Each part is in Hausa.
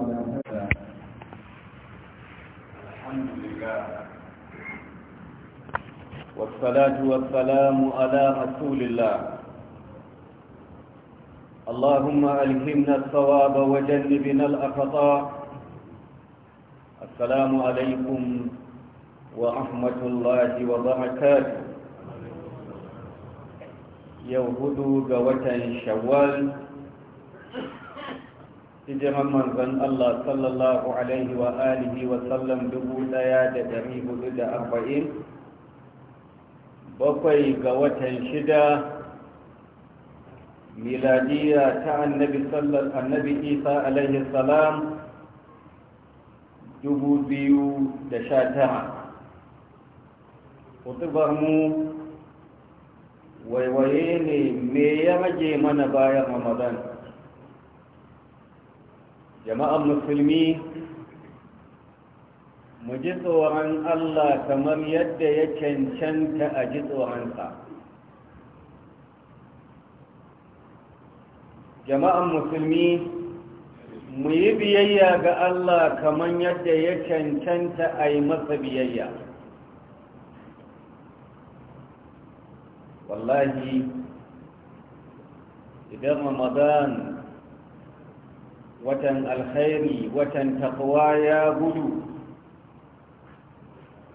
ولا تدع الحمد لله والصلاة والسلام على رسول الله اللهم ألهمنا الصواب وجنبنا الأخطاء السلام عليكم ورحمة الله وبركاته يوهدوا قوة شوال hijiran manzon Allah sallallahu alaihi wa alihi wa sallam dubu daya da dari hudu da arba'in bakwai ga watan shida miladiya ta annabi annabi isa alaihi salam dubu biyu da sha tara kutubar mu waiwaye ne me ya rage mana bayan ramadan jama'an musulmi mu ji tsoron allah kamar yadda ya cancanta a ji tsoronsa jama'an musulmi mu yi biyayya ga allah kamar yadda ya cancanta a yi masa biyayya wallahi idan ramadan watan alkhairi watan taqwa ya gudu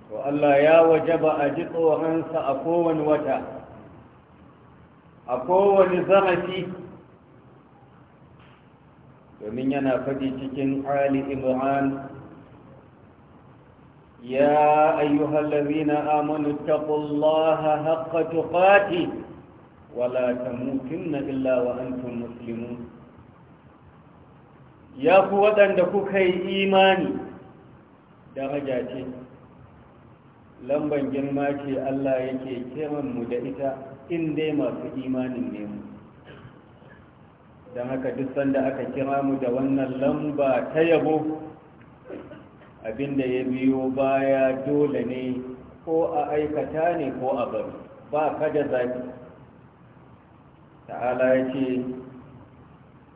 to Allah ya wajaba a ji tsohonsa a kowane wata a kowane zarafi domin yana faɗi cikin ali imran يا أيها الذين آمنوا اتقوا الله حق تقاته ولا تموتن إلا وأنتم مسلمون ya ku waɗanda kuka yi imani daraja ce lamban girma ce Allah yake kiran mu da ita inda masu imanin ne don haka duk sanda aka kira mu da wannan lamba ta yabo abinda ya biyo baya dole ne ko a aikata ne ko a bari ba ka da zafi ta'ala ya ce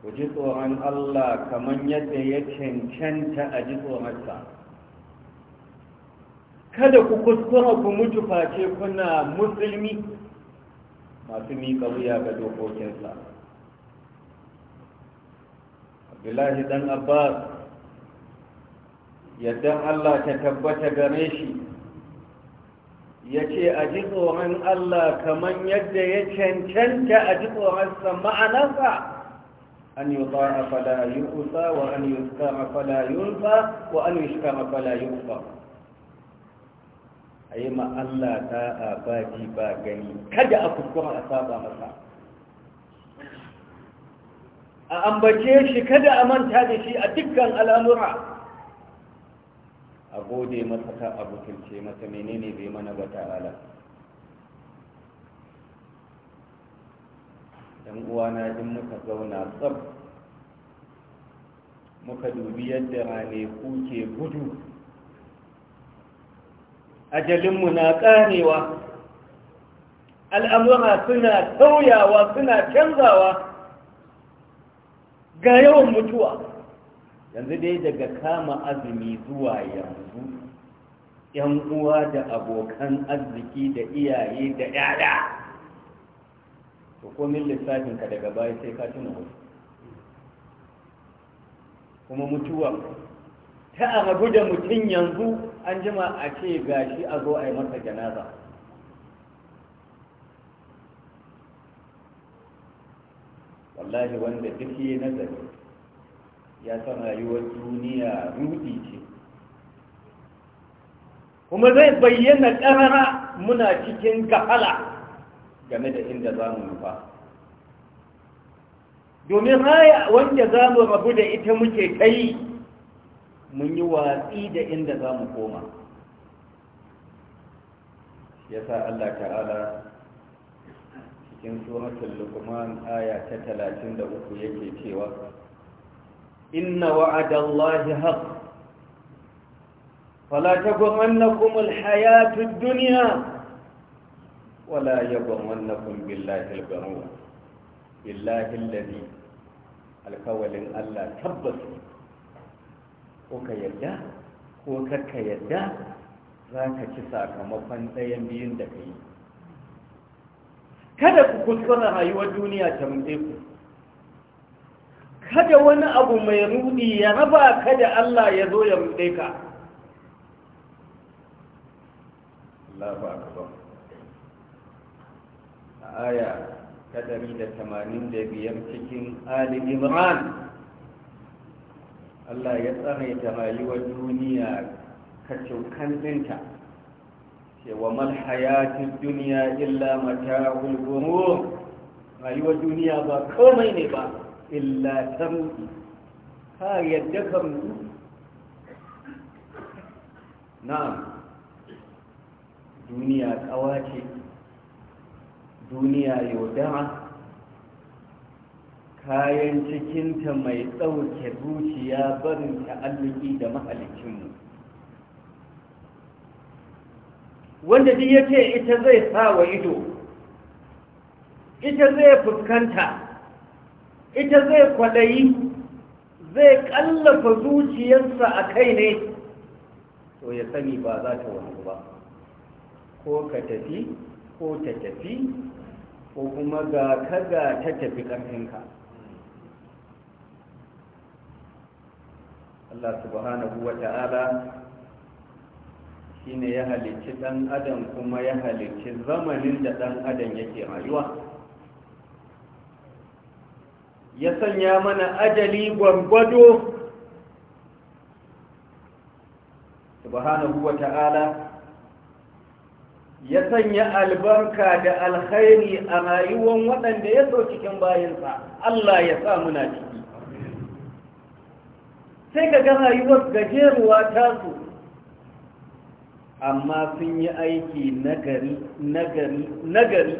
ku ji tsoron Allah kamar yadda ya cancanta a ji tsoronsa kada ku kuskura ku mutu face kuna musulmi masu miƙa wuya ga dokokinsa abdullahi dan abbas yadda Allah ta tabbata gare shi ya ce a ji tsoron Allah kamar yadda ya cancanta a ji tsoronsa ma'anarsa Wa yi يطاع فلا يؤسى وأن يستاع فلا yi وأن يشكر فلا يكفى a yi Allah ta ba ji ba gani kada a kuskura a saba masa a ambace shi kada a manta da shi a dukkan al'amura a gode masa ta ce masa menene bai mana ba ta'ala yan uwana din muka zauna tsab muka dubi yadda raneku ke gudu ajalinmu na karewa al'amura suna tauyawa suna canzawa ga yawan mutuwa yanzu dai daga kama azumi zuwa yanzu yan uwa da abokan arziki da iyaye da yada to komin lissafin ka daga baya sai ka tuna wasu kuma mutuwa ta a da mutum yanzu an jima a ce gashi a zo a yi masa janaza wallahi wanda duk yi nazari ya san rayuwar duniya rudi ce kuma zai bayyana ƙarara muna cikin gafala game da inda za mu nufa domin haya wanda za mu rabu da ita muke kai mun yi watsi da inda za mu koma yasa Allah ta'ala cikin suratun lukman aya ta uku yake cewa inna wa'adallahi haqq fala taghmannakum alhayatud dunya ولا يغرنكم بالله الغرور بالله الذي alkawalin Allah tabbas ko ka yadda ko karka yadda za ka ci sakamakon ɗayan biyun da ka yi kada ku kuskura rayuwar duniya ta mutse ku kada wani abu mai ruɗi ya raba kada Allah ya zo ya mutse ka aya ta biyar cikin ali Allah ya tsaraita rayuwar duniya kacokan ɗinta cewa malhayatun duniya illa mata gurur rayuwar duniya ba komai ne ba illa ta mutu ka yadda ka na'am duniya kawace duniya yaudara kayan cikinta mai ɗauke zuciya barin ta'alluki da mahalicinmu wanda duk ya ita zai sa ido ita zai fuskanta ita zai kwaɗayi zai ƙallafa zuciyarsa a kai ne to ya sani ba za ta wani ba ko ka tafi ko ta tafi ko kuma ga kaga ta tafi ƙarfinka Allah subhanahu wa ta'ala shi ya halicci ɗan adam kuma ya halicci zamanin da ɗan adam yake rayuwa ya sanya mana ajali gwangwado subhanahu wa ta'ala ya sanya albarka da alkhairi a rayuwan waɗanda ya so cikin bayansa Allah ya sa muna ciki sai ka ga rayuwar gajeruwa su. amma sun yi aiki nagari nagari nagari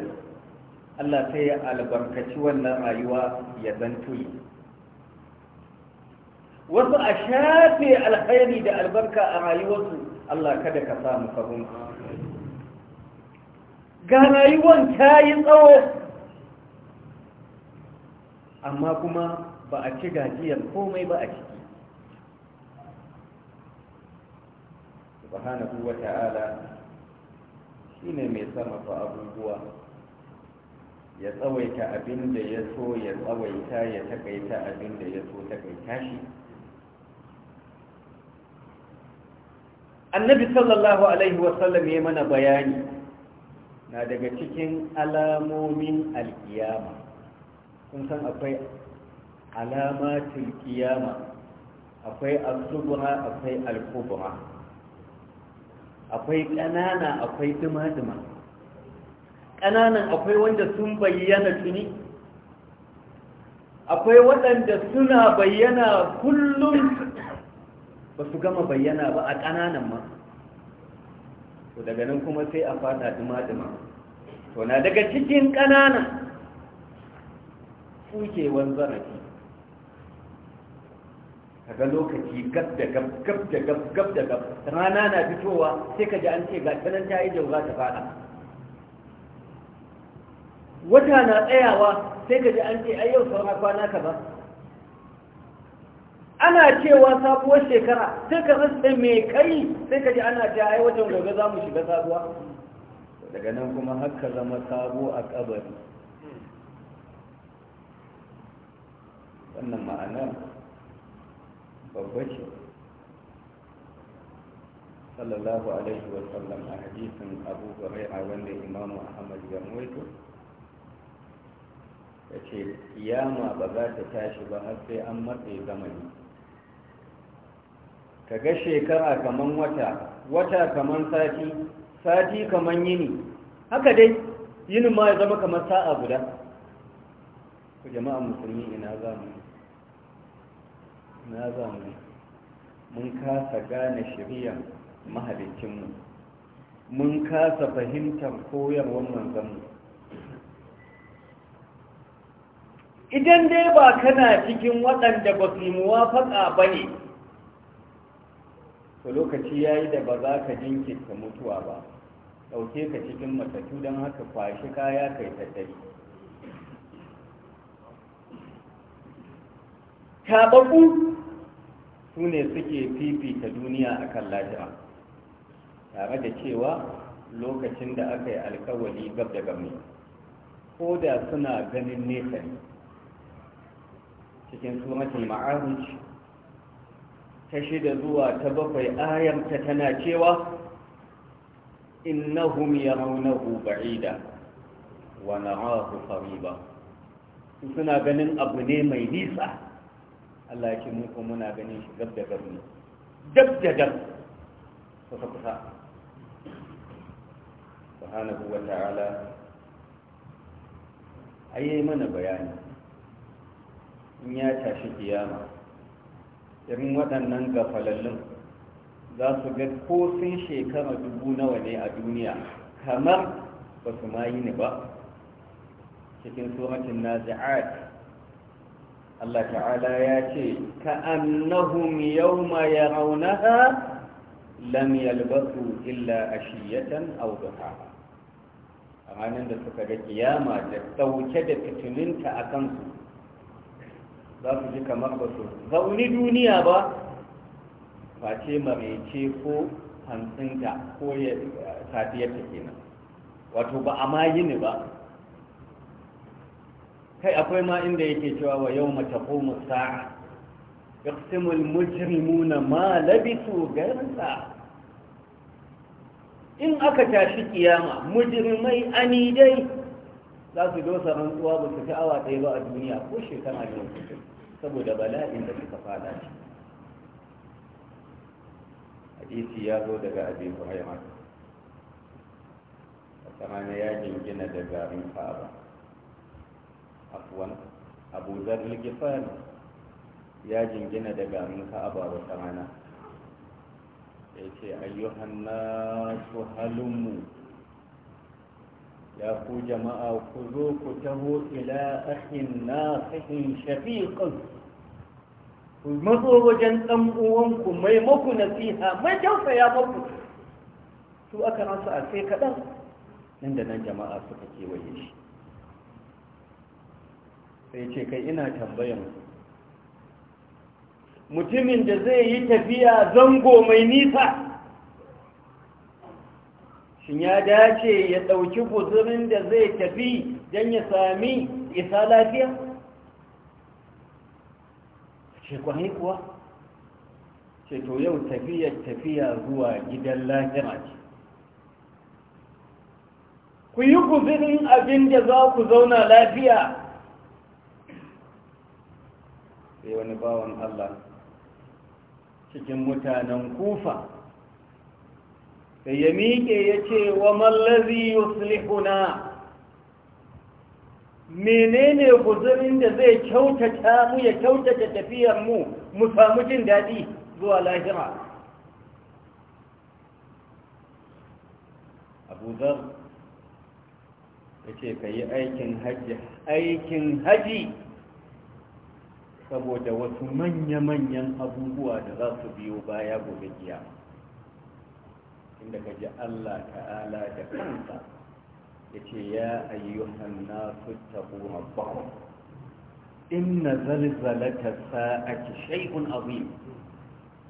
Allah sai ya albarkaci wannan rayuwa ya zantuyi wasu a shafe alkhairi da albarka a rayuwarsu Allah kada ka samu fahimta ga rayuwan ta yi tsawo amma kuma ba a ci gajiyar komai ba a ciki subhanahu wa ta'ala shi ne mai fa abubuwa ya tsawaita abin da ya so ya tsawaita ya takaita abin da ya so takaita shi annabi sallallahu alaihi wasallam ya mana bayani na daga cikin alamomin alkiyama kun san akwai alamatul kiyama akwai al akwai al akwai ƙanana akwai dima-dima ƙananan akwai wanda sun bayyana tuni akwai waɗanda suna bayyana kullum ba su gama bayyana ba a ƙananan ma to daga nan kuma sai a fada dima-dima to na daga cikin ƙanana fukewan zarafi kaga lokaci gab da gab gab da gab gab da gab rana na fitowa sai ka ji an ce ga tanan ta yi jauza ta fada wata na tsayawa sai ka ji an ce ai yau saura kwana ka ba ana cewa sabuwar shekara sai ka rasa mai kai sai ka ji ana ta ai watan gobe za mu shiga sabuwa daga nan kuma haka zama sabo a kabari wannan ma'anar babba ce sallallahu alaihi wa sallam a hadisin abu a wanda imamu ahmad ya muwaito ya ce kiyama ba za ta tashi ba har sai an matse zamani ka ga shekara kaman wata wata kaman sati sati kaman yini haka dai yini ma ya zama kamar sa'a guda ku jama'a musulmi ina za mu ina za mu mun kasa gane shari'ar mahalicinmu mun kasa fahimtar koyarwar manzanmu idan dai ba kana cikin waɗanda ba su yi muwafaƙa ba ne to lokaci ya yi da ba za ka jinkirta mutuwa ba ɗauke ka cikin matatu don haka kwashi kaya kai tattali taɓaɓɓu su ne suke fifita duniya a kan tare da cewa lokacin da aka yi alkawali gab da gabni ko da suna ganin nesa cikin suratul ma'arij ta shida zuwa ta bakwai ayanta tana cewa innahum yarawnahu ba'ida wa narahu qariba suna ganin abu ne mai nisa Allah ya mu kuma muna ganin shi gab da gab ne dab da dab kusa kusa subhanahu wa ta'ala ayi mana bayani in ya tashi kiyama irin waɗannan gafalallun za su ga ko sun shekara dubu nawa ne a duniya kamar ba su ma yi ne ba cikin suratul nazi'at Allah ta'ala ya ce ka'annahum yawma yarawnaha lam yalbasu illa shiyatan aw a ranar da suka ga kiyama da dauke da fitininta a kansu za su ji kamar ba su zauni duniya ba face maraice ko hantsinta ko safiyarta nan. wato ba a ma ne ba kai akwai ma inda yake cewa wa yau mata komu sa'a yaksimul mujrimuna ma labisu garinsa in aka tashi kiyama mujrimai anidai za su dosa rantsuwa ba su awa ɗaya ba a duniya ko shekara yau saboda bala'in da suka fada shi hadisi ya zo daga abin a tsamanin ya jingina da garin ka'aba afuwan abu zar ligifan ya jingina da garin ka'aba wata rana ya ce ayyuhan nasu mu. ya ku jama'a ku zo ku taho ila akhin nasihin shafiqin ku matso wajen dan uwanku mai maku nasiha mai ya maku su aka rasa a sai kaɗan nan da nan jama'a suka kewaye shi sai ce kai ina tambayan mutumin da zai yi tafiya zango mai nisa shin ya dace ya ɗauki guzurin da zai tafi don ya sami isa lafiya? shekwani kuwa to yau tafiyar tafiya zuwa gidan lafiya ce ku yi guzurin abin da za ku zauna lafiya sai wani bawan Allah cikin mutanen kufa sai ya miƙe ya ce wa mallazi yuslihuna menene guzurin da zai kyautata mu ya kyautata tafiyar mu mu samu jin daɗi zuwa lahira abu ya ce ka yi aikin hajji aikin haji saboda wasu manya-manyan abubuwa da za su biyo baya gobe kiyama inda ka ji Allah ta'ala da kansa ya ce ya ayyuhan nasu taɓo rabbakum inna zalzalata sa'ati shay'un azim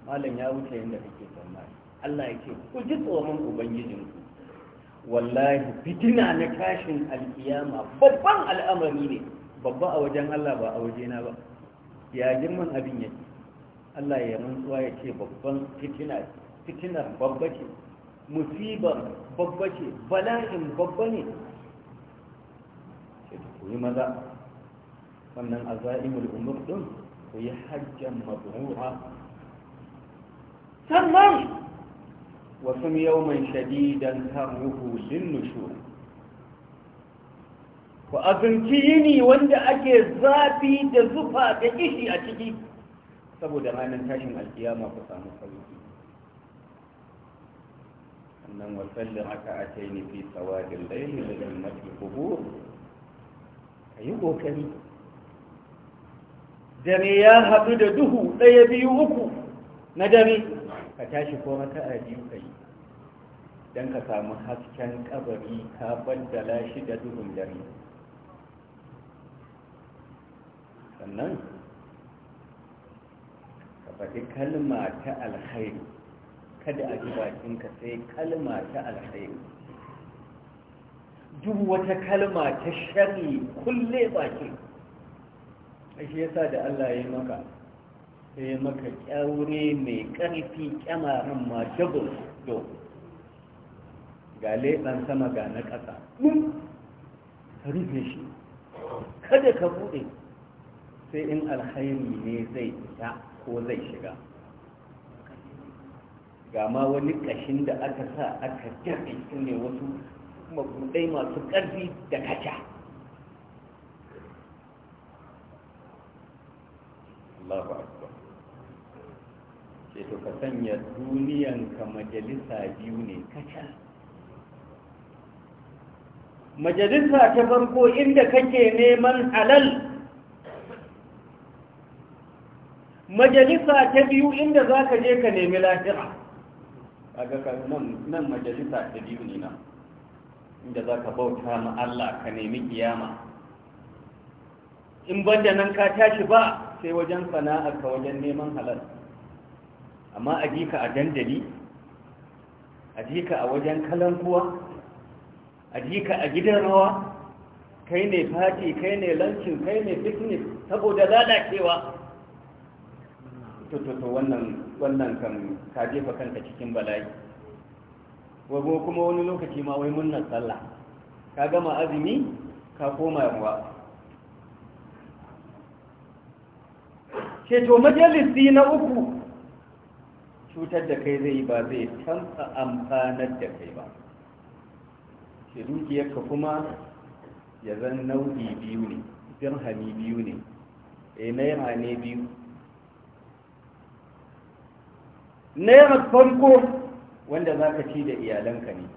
malam ya wuce inda kake tsammani Allah ya ce ku ji tsoron ubangijinku wallahi fitina na kashin alkiyama babban al'amari ne babba a wajen Allah ba a wajena ba ya girman abin yake Allah ya rantsuwa ya ce babban fitina fitinar babba ce musibar babba ce bala'in babba ne sai ku yi maza wannan aza'imul umur din ku yi hajjan mabrura sannan wasu shaɗi shadidan taruhu lin ku azumci yini wanda ake zafi da zufa da ishi a ciki saboda ranar tashin alkiyama ku samu sauki nan wasallin aka ake ni fi tsawadin laili da jimmatin kubur ka yi ƙoƙari dare ya haɗu da duhu ɗaya biyu uku na dare ka tashi ko mata a biyu ka yi don ka samu hasken ƙabari ka baddala shi da duhun dare sannan ka faɗi kalma ta alkhairi kada a ji bakinka sai kalma ta alkhairi duk wata kalma ta shari kulle bakin shi yasa da Allah ya yi maka sai maka kyaure mai ƙarfi kyamarin ma jabul do ga leɓen sama ga na ƙasa ka rufe shi kada ka buɗe sai in alkhairi ne zai fita ko zai shiga ga ma wani kashin da aka sa aka jirgin su ne wasu mabudai masu ƙarfi da kaca Allahu to ka sanya duniyanka majalisa biyu ne kaca majalisa ta farko inda kake neman halal majalisa ta biyu inda za ka je ka nemi lafiya a ka nan nan majalisa da biyu ne nan inda za ka bauta ma Allah ka nemi kiyama in banda nan ka tashi ba sai wajen sana'ar ka wajen neman halal amma a jika a dandali a jika a wajen kalankuwa a jika a gidan rawa kai ne fati kai ne lancin kai ne fitness saboda lalacewa to to to wannan wannan kan ka jefa kanka cikin bala'i wago kuma wani lokaci ma wai munnar sallah ka gama azumi ka koma ruwa ceto majalisi na uku cutar da kai zai ba zai tamfa amfanar da kai ba ke dukiyarka kuma ya zan nau'i biyu ne dirhami biyu ne e naira ne biyu naira farko wanda za ka ci da iyalanka ne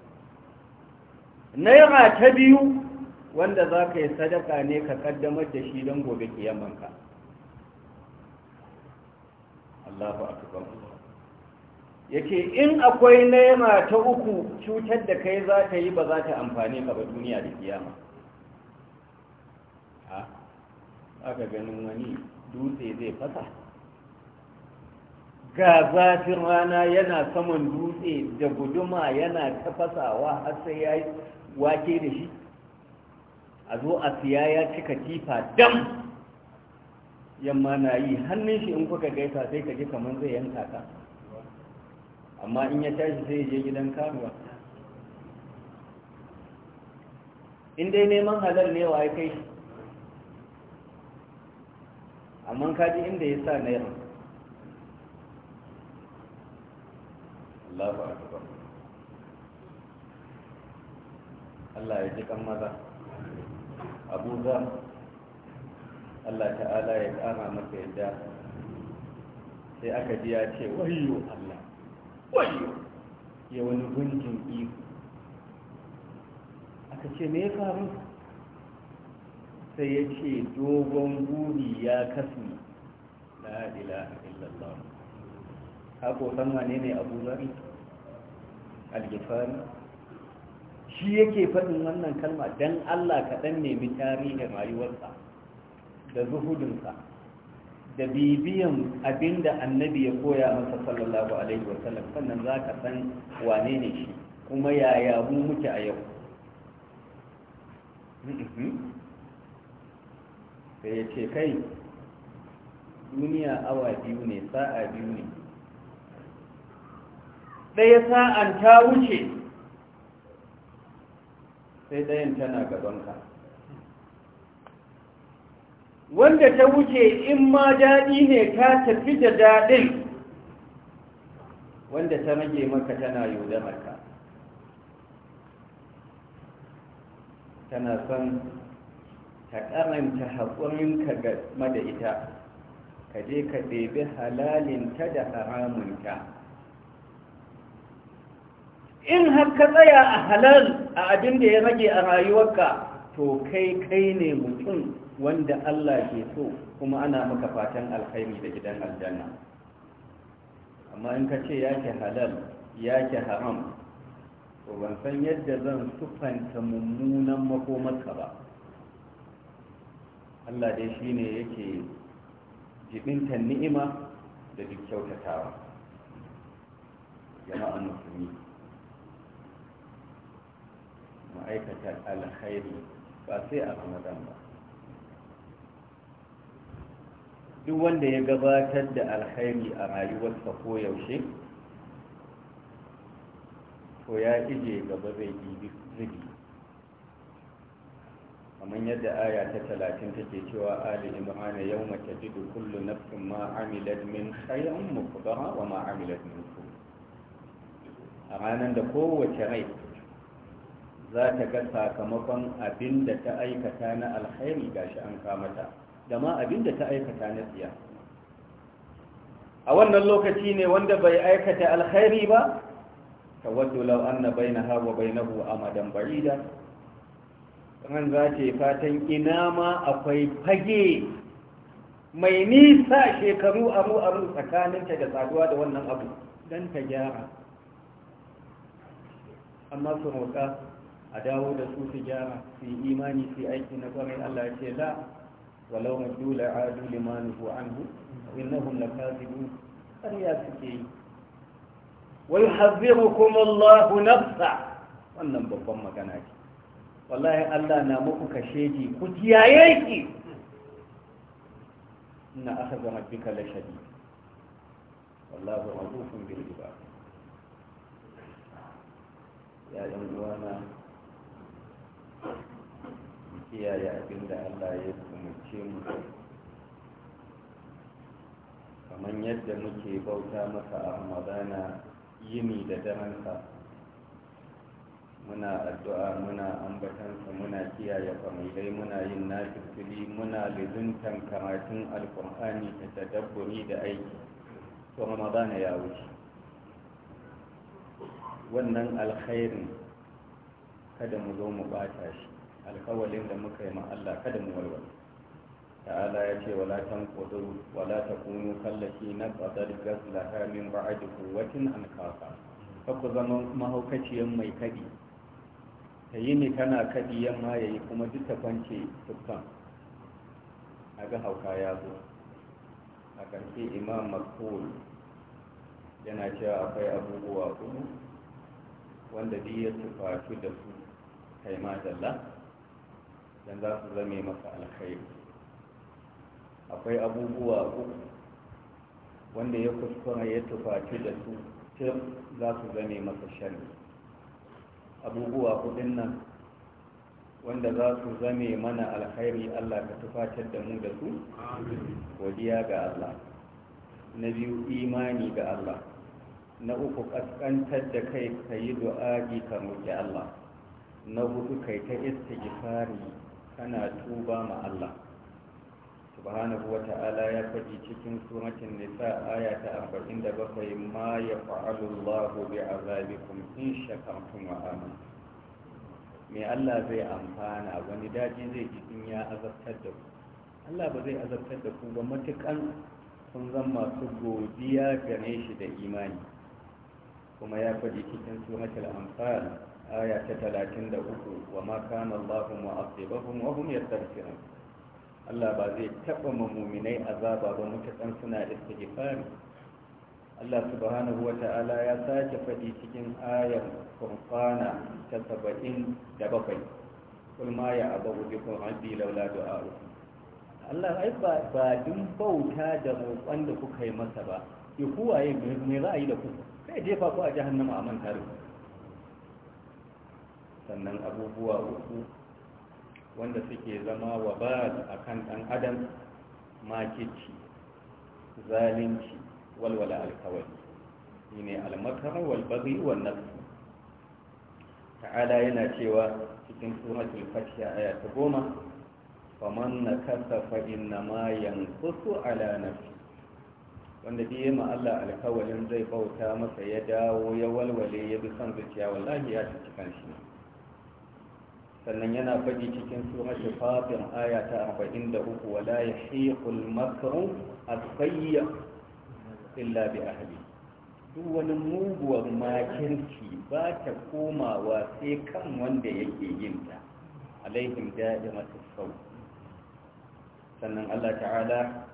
naira ta biyu wanda za ka yi sadaka ne ka kaddamar da shi don gobe kiyamanka Allahu akbar yake in akwai naira ta uku cutar da kai za ta yi ba za ta amfani ka ba duniya da kiyama ha ah, aka ganin wani dutse zai fasa ga zafin rana yana saman dutse da guduma yana tafasawa har sai ya wake da shi a zo a siya ya cika katifa dam yamma na yi hannun shi in kuka gaisa sai ka ji kamar zai yanka ka amma in ya tashi sai je gidan karuwa in dai neman halar ne wa ya kai amma kaji inda ya sa naira Allahu akbar Allah ya ji kan maza Abu Zar Allah ta'ala ya kama masa yadda sai aka ji ya ce wayo Allah wayo ya wani gunjin iko aka ce me ya faru sai ya ce dogon guri ya kasmi la ilaha illallah ko san wane ne abu zari algifari shi yake faɗin wannan kalma dan allah kaɗan nemi tarihin rayuwarsa da zuhudinsa da bibiyan abinda annabi ya koya masa sallallahu alaihi wasallam sannan za ka san wane ne shi kuma yaya mu muke a yau mm-hmm. sai ya ce kai duniya awa biyu ne sa'a biyu ne ɗaya sa'an ta wuce sai ɗayan tana gabanka wanda ta wuce in ma daɗi ne ta tafi da daɗin wanda ta rage maka tana yodamarka tana son ka karanta haƙurinka game da ita ka je ka ɗebi halalinta da haramunta in har ka tsaya a halal a abin da ya rage a rayuwarka to kai kai ne mutum wanda Allah ke so kuma ana maka fatan alkhairi da gidan aljanna amma in ka ce yake halal yake haram to ban san yadda zan sufanta mummunan makomarka ba Allah dai shi ne yake jibinta ni'ima da duk kyautatawa jama'an musulmi Ma'aikatar alkhairi ba sai a ramadan ba duk wanda ya gabatar da alkhairi a rayuwarsa ko yaushe to ya ije gaba zai ɗibi zubi kamar yadda aya ta talatin take cewa ali imrana yau mace jidu kullu nafsin ma amilat min khayran mukbara wa ma amilat min su a ranar da kowace rai za ta ga sakamakon abin da ta aikata na alkhairi gashi an kamata da ma abin da ta aikata na tsiya a wannan lokaci ne wanda bai aikata alkhairi ba tawaddu law bai na wa bainahu amadan barida Ran za ce fatan ina ma akwai fage mai nisa shekaru aru aru tsakaninta da saduwa da wannan abu don ta gyara amma su roƙa a dawo da su su gyara su yi imani su yi aiki na kwarai Allah ce la walau mutu la adu limanu ko anhu innahum lakazibun ƙarya suke yi wa yuhazzirukum Allah nafsa wannan babban magana ce wallahi Allah na muku kashedi ku kiyaye ki inna akhadha rabbika la shadid wallahu rahufun bil ibad ya dan uwana kiyaye abin da allah ya umarce mu kamar yadda muke bauta masa a ramadana yini da daransa muna addu'a muna ambatansa muna kiyaye familai muna yin nafisili muna lizuntan karatun alkur'ani da tadabburi da aiki to ramadana ya wuce wannan alkhairin kada mu zo mu bata shi alkawalin da muka yi ma Allah kada mu walwala ta'ala ya ce wala tanqudu wala takunu kallati naqadar gazlaha min ba'di quwwatin ankafa ku zama mahaukaciyan mai kadi ta yi ne tana kadi yamma yayi kuma duk ta kwance tukkan a ga hauka ya zo a ƙarshe imam makul yana cewa akwai abubuwa kuma wanda biyar su tufafi da su kai ma dan za su zame maka alkhairi akwai abubuwa uku wanda ya kuskura ya tufaci da su tun za su zame masa shari abubuwa hudun nan wanda za su zame mana alkhairi allah ka tufatar da mu da su godiya ga allah na biyu imani ga allah na uku kaskantar da kai ka yi du'a'i ka roƙi allah na hudu kai ta istighfari kana tuba ma Allah subhanahu wa ta'ala ya faɗi cikin suratul nisa aya ta 47 ma yaf'alu Allahu bi'azabikum in shakartum wa amantum me Allah zai amfana wani daji zai ji in ya azabtar da ku Allah ba zai azabtar da ku ba matukan sun zan masu godiya gane shi da imani kuma ya faɗi cikin suratul anfal aya ta talatin da uku wa ma kana Allah mu'azzibahum wa hum yastaghfirun Allah ba zai taɓa muminai azaba ba mutakan suna istighfari Allah subhanahu wa ta'ala ya sake faɗi cikin ayar Qur'ana ta saba'in 77 kul ma ya abu bikum abdi laula du'a'ukum Allah ai ba ba din bauta da roƙon da kuka yi masa ba ya kuwaye mai ra'ayi da ku sai jefa ku a jahannama a manta da ku sannan abubuwa uku wanda suke zama wa ba a kan ɗan adam makici zalunci walwala alkawari shi ne almakar walbari wannan ta'ala yana cewa cikin suratul fatiha aya ta goma faman na kasa fa'in na mayan kusu alanafi wanda biye ma'alla Allah alkawalin zai bauta masa ya dawo ya walwale ya bi son zuciya wallahi ya ci cikin shi sannan yana faɗi cikin suratul fatir aya ta 43 wala yahiqul makru as-sayyi illa bi ahli duk wani muguwar makirci ba ta komawa sai kan wanda yake yin ta daɗi masu sau sannan Allah ta'ala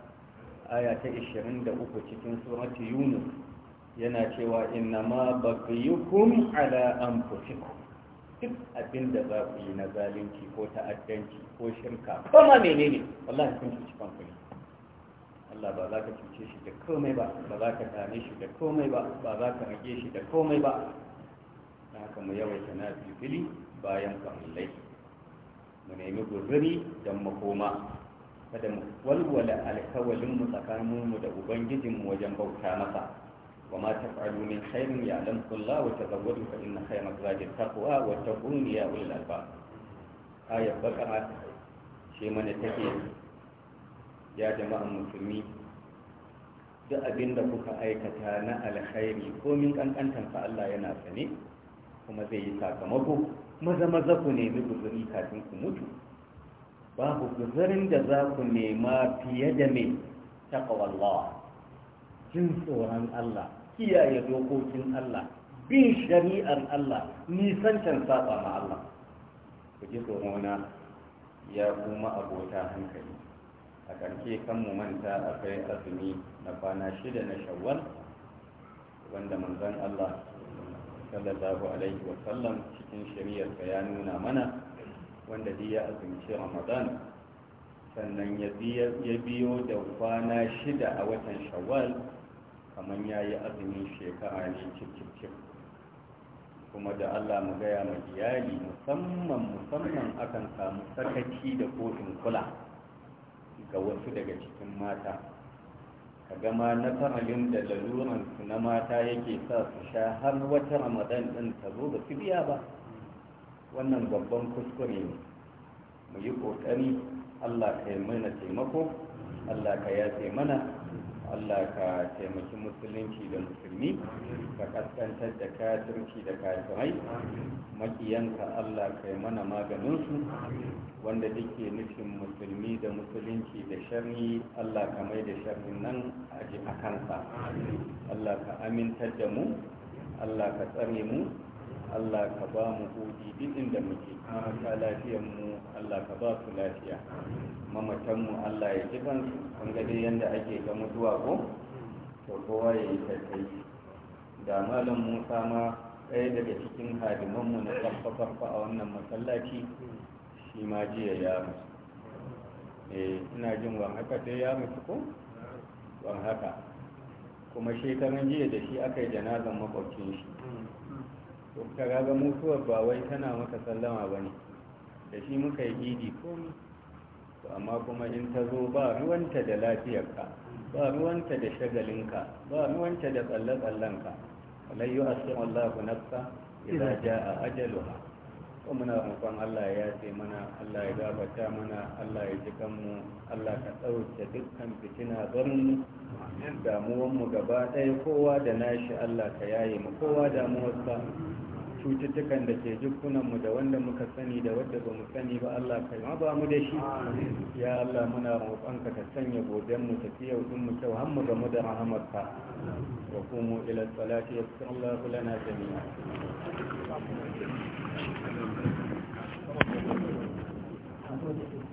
aya ta 23 cikin suratul yunus yana cewa innama baqiyukum ala anfusikum duk abin da za ku yi na zalunci ko ta'addanci ko shirka ko ma menene wallahi kun cuci kanku ne Allah ba za ka cuce shi da komai ba ba za ka tane shi da komai ba ba za ka rage shi da komai ba na haka mu yawaita na fili bayan kamallai mu nemi guzuri don makoma kada mu walwala alkawalin mu tsakaninmu da ubangijinmu wajen bauta masa وما تفعلوا من خير يعلمه الله وتزودوا فإن خير الزاد التقوى واتقون يا أولي الألباب آية بقرة شيء من التكيل يا جماعة المسلمين duk abin da kuka aikata na alkhairi kankantan kankantansa Allah yana sane kuma zai yi sakamako maza maza ku nemi guzuri kafin ku mutu babu guzurin da za ku nema fiye da mai taqwallah jin tsoron Allah kiyaye dokokin Allah bin shari'ar Allah nisancan saba ma Allah ku ji tsorona ya kuma abota hankali a ƙarshe kan mu manta akwai azumi na kwana shida na shawwal wanda manzon Allah sallallahu alaihi wa sallam cikin shari'ar ya nuna mana wanda ya azumci Ramadan sannan ya biyo da kwana shida a watan shawwal kamar ya yi azumin shekara ne cip kuma da allah mu gaya ma iyali musamman musamman akan samu sakaci da kofin kula ga wasu daga cikin mata ka gama na fa'alin da laluransu na mata yake sa su sha har wata ramadan din ta zo da su biya ba wannan babban kuskure ne mu yi ƙoƙari allah ka yi mana taimako allah ka yafe mana Allah ka taimaki musulunci da musulmi ka kaskantar da kafirci da kafirai makiyanka Allah ka yi mana maganinsu wanda duke nufin musulmi da musulunci da sharri Allah ka mai da sharrin nan a kansa Allah ka amintar da mu Allah ka tsare mu Allah ka ba mu hudi duk inda muke mata lafiyar mu Allah ka ba su lafiya mamatan mu Allah ya ji kansu an ga yadda ake ga mutuwa ko to kowa ya yi tattai da malam Musa ma ɗaya daga cikin hadiman mu na farfa a wannan masallaci shi ma jiya ya mutu eh ina jin wa haka dai ya mutu ko wa haka kuma shekaran jiya da shi aka yi janazan makwabcin shi hmm. ka ga mutuwar ba wai tana maka sallama ba ne da shi muka yi idi komi amma kuma in ta zo ba ruwanta da lafiyarka ba ruwanta da shagalinka ba ruwanta da tsalle-tsallenka walai yi asirin Allah nafsa a ajalu ajaluha ko muna roƙon Allah ya ce mana Allah ya gabata mana Allah ya ji kanmu Allah ka ɗauke dukkan fitina garin damuwanmu gaba ɗaya kowa da nashi Allah ka yaye mu kowa damuwarsa cututtukan da ke jikunanmu da wanda muka sani da wadda ba mu sani ba Allah ka ma ba mu da shi ya Allah muna roƙonka ka sanya tafiya tafiyar mu kyau har mu gamu da rahamarka wa kumu ila salati yasallahu lana jami'a Thank you.